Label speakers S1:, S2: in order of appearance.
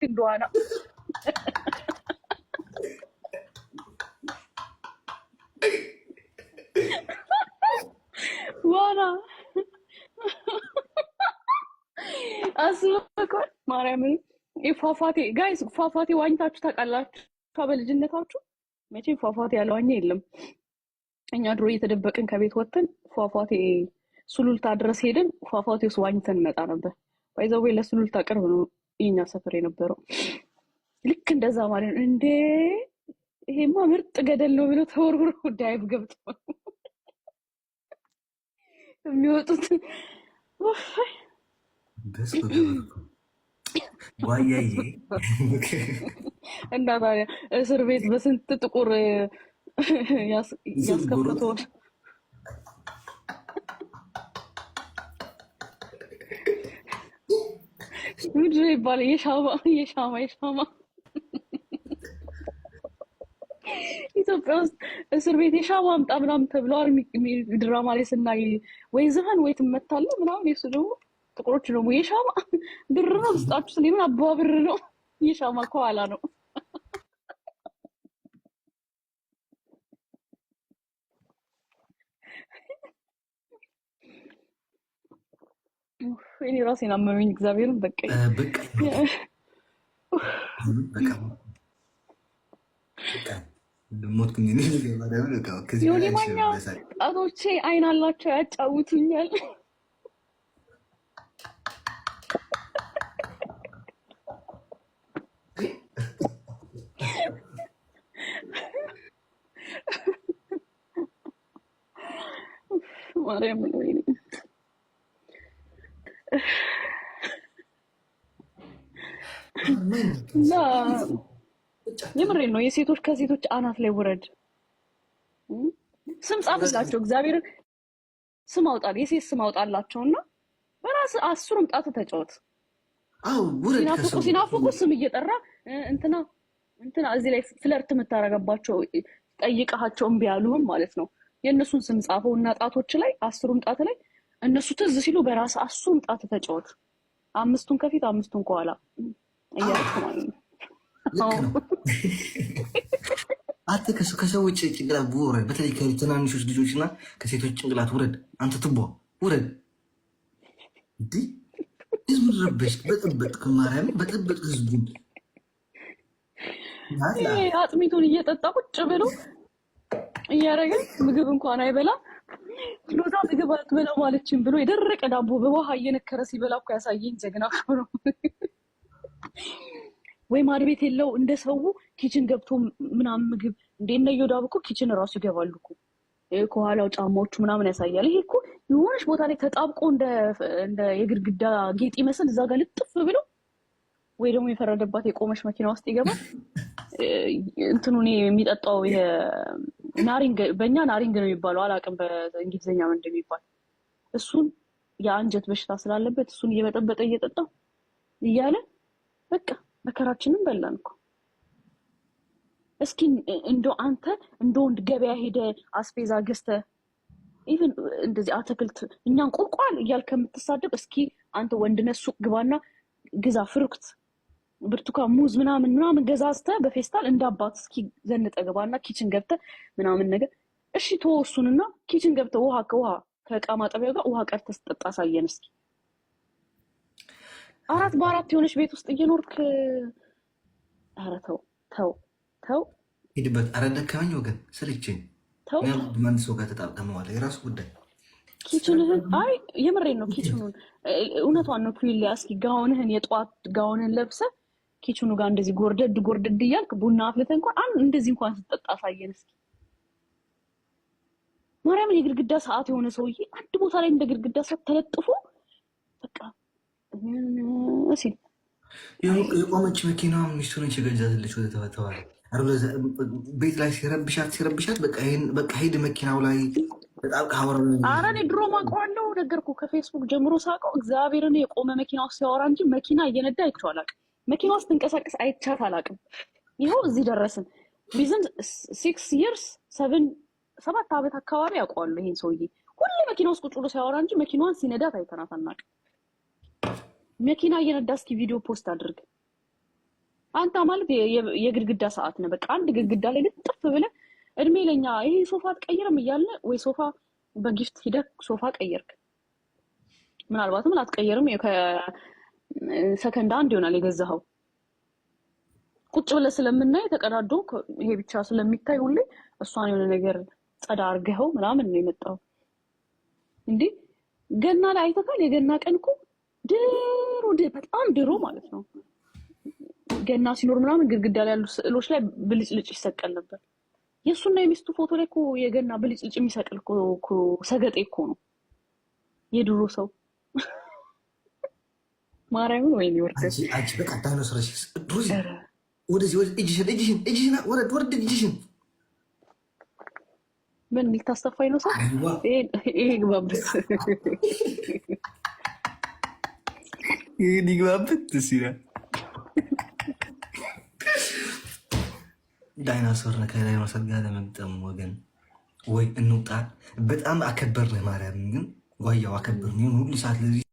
S1: ክንዷ ዋና አስበቀል ማርያምን ፏፏቴ ጋይስ ፏፏቴ ዋኝታችሁ ታውቃላችሁ? በልጅነታችሁ መቼም ፏፏቴ ያለዋኘ የለም። እኛ ድሮ እየተደበቅን ከቤት ወጥተን ፏፏቴ ሱሉልታ ድረስ ሄደን ፏፏቴ ውስጥ ዋኝተን እንመጣ ነበር። ባይዘዌ ለሱሉልታ ቅርብ ነው። የኛ ሰፈር የነበረው ልክ እንደዛ ማለት ነው። እንዴ ይሄማ ምርጥ ገደል ነው ብሎ ተወርውሮ ዳይቭ ገብቶ የሚወጡት ዋያዬ እና ታዲያ እስር ቤት በስንት ጥቁር
S2: ያስከፍቶ
S1: ምድር ውስጥ እስር ቤት የሻማ ምጣ ምናምን ተብለዋል። ድራማ ላይ ስናይ ወይ ዝፈን ወይ ትመታለ ምናምን። የሱ ደግሞ ጥቁሮች ደግሞ የሻማ ብር ነው ስጣችሁ። ስለምን አባ ነው የሻማ ከኋላ ነው እኔ ራሴን አመመኝ። እግዚአብሔርን በቃኝ ጣቶቼ አይን አላቸው ያጫውቱኛል። ማርያም ነው የምሬ ነው። የሴቶች ከሴቶች አናት ላይ ውረድ። ስም ጻፍላቸው፣ እግዚአብሔር ስም አውጣል፣ የሴት ስም አውጣላቸው እና በራስ አስሩም ጣት ተጫወት። ሲናፍቁ ሲናፍቁ ስም እየጠራ እንትና እንትና እዚህ ላይ ፍለርት የምታረገባቸው ጠይቀሃቸው እምቢ ያሉህም ማለት ነው። የእነሱን ስም ጻፈው እና ጣቶች ላይ አስሩም ጣት ላይ እነሱ ትዝ ሲሉ በራስ አሱን ጣት ተጫወት። አምስቱን ከፊት አምስቱን ከኋላ እያልኩ
S2: ማለት ነው። አንተ ከሰዎች ጭንቅላት ውረድ፣ በተለይ ከትናንሾች ልጆች እና ከሴቶች ጭንቅላት ውረድ። አንተ ትቦ ውረድ። እንዲህ ህዝቡን ረበሽ በጥበጥ ማርያም በጥበጥ ህዝቡን
S1: አጥሚቱን እየጠጣ ቁጭ ብሎ እያደረገን ምግብ እንኳን አይበላ ጀግና ምግብ አትበላ ማለችን ብሎ የደረቀ ዳቦ በውሃ እየነከረ ሲበላ እኮ ያሳየኝ ጀግና እኮ ነው። ወይ ቤት የለው እንደ ሰው ኪችን ገብቶ ምናምን ምግብ እንደ ዳብ እኮ ኪችን እራሱ ይገባሉ እኮ ከኋላው ጫማዎቹ ምናምን ያሳያል። ይሄ እኮ የሆነች ቦታ ላይ ተጣብቆ እንደ የግድግዳ ጌጥ ይመስል እዛ ጋር ልጥፍ ብሎ ወይ ደግሞ የፈረደባት የቆመች መኪና ውስጥ ይገባል። እንትኑ እኔ የሚጠጣው ናሪንግ በእኛ ናሪንግ ነው የሚባለው፣ አላውቅም በእንግሊዝኛ ምን እንደሚባል። እሱን የአንጀት በሽታ ስላለበት እሱን እየበጠበጠ እየጠጣው እያለ በቃ መከራችንም በላን እኮ። እስኪ እንደ አንተ እንደ ወንድ ገበያ ሄደ አስቤዛ ገዝተ ኢቨን እንደዚህ አትክልት እኛን ቁርቋል እያልክ ከምትሳደብ እስኪ አንተ ወንድነት ሱቅ ግባና ግዛ ፍሩክት ብርቱካን፣ ሙዝ ምናምን ምናምን ገዛዝተህ በፌስታል እንደ አባት እስኪ ዘንጠ ገባና ኪችን ገብተ ምናምን ነገር እሺ ተወው እሱንና ኪችን ገብተ ውሃ ከውሃ ከእቃ ማጠቢያ ጋር ውሃ ቀርተ ስጠጣ ሳየን እስኪ። አራት በአራት የሆነች ቤት ውስጥ እየኖርክ ኧረ ተው ተው ተው፣
S2: ሂድበት። ኧረ ደከመኝ ወገን፣ ሰለቸኝ። ተው ሰው ጋር ተጣጠመዋለ የራሱ ጉዳይ
S1: ኪችንህን አይ የምሬን ነው። ኪችኑን እውነቷን ነው። ኩል እስኪ ጋውንህን የጠዋት ጋውንህን ለብሰህ ኪችኑ ጋር እንደዚህ ጎርደድ ጎርደድ እያልክ ቡና አፍልተ እንኳን አንድ እንደዚህ እንኳን ስጠጣ ሳየን እስኪ። ማርያምን የግድግዳ ሰዓት የሆነ ሰውዬ አንድ ቦታ ላይ እንደ ግድግዳ ሰዓት ተለጥፎ በቃ ሲል
S2: የቆመች መኪና ሚስቱ ነች የገዛትለች ወደ ተፈተዋል ቤት ላይ ሲረብሻት ሲረብሻት በቃ ሄድ መኪናው ላይ በጣም
S1: ሀብረ ኧረ እኔ ድሮ ማውቀዋለሁ ነገርኩ ከፌስቡክ ጀምሮ ሳውቀው እግዚአብሔርን የቆመ መኪና ውስጥ ሲያወራ እንጂ መኪና እየነዳ አይቼው አላውቅም። መኪና ትንቀሳቀስ አይቻት አላውቅም። ይኸው እዚህ ደረስን። ቢዝን ሲክስ ይርስ ሰብን ሰባት ዓመት አካባቢ ያውቀዋሉ ይሄን ሰውዬ። ሁሌ መኪና ውስጥ ቁጭ ብሎ ሲያወራ እንጂ መኪናዋን ሲነዳት አይተናት አናውቅም። መኪና እየነዳ እስኪ ቪዲዮ ፖስት አድርግ። አንተ ማለት የግድግዳ ሰዓት ነው። በቃ አንድ ግድግዳ ላይ ልጥፍ ብለ እድሜ ለኛ ይሄ ሶፋ አትቀይርም እያለ ወይ ሶፋ በጊፍት ሂደህ ሶፋ ቀየርክ። ምናልባትም አትቀየርም ሰከንድ አንድ ይሆናል የገዛኸው። ቁጭ ብለህ ስለምናይ ተቀዳዶ ይሄ ብቻ ስለሚታይ ሁሌ እሷን የሆነ ነገር ጸዳ አርገኸው ምናምን ነው የመጣው። እንዲ ገና ላይ አይተካል። የገና ቀን እኮ ድሮ በጣም ድሮ ማለት ነው ገና ሲኖር ምናምን ግድግዳ ላይ ያሉ ስዕሎች ላይ ብልጭልጭ ይሰቀል ነበር። የእሱና የሚስቱ ፎቶ ላይ እኮ የገና ብልጭልጭ የሚሰቅል ሰገጤ እኮ ነው የድሮ ሰው። ማርያምን ወይ
S2: በቃ ዳይኖሰረስ ወደዚህ እጅሽን
S1: ምን ልታስተፋኝ ነው? ሰው ይሄ ግባበት
S2: ይሄን ይግባበት ሲላል ዳይኖሰር ከዳይኖሰር ጋር ለመግጠም ወገን ወይ እንውጣ። በጣም አከበርንህ ማርያምን፣ ግን ጓያው አከበርን ሁሉ ሰዓት ለዚህ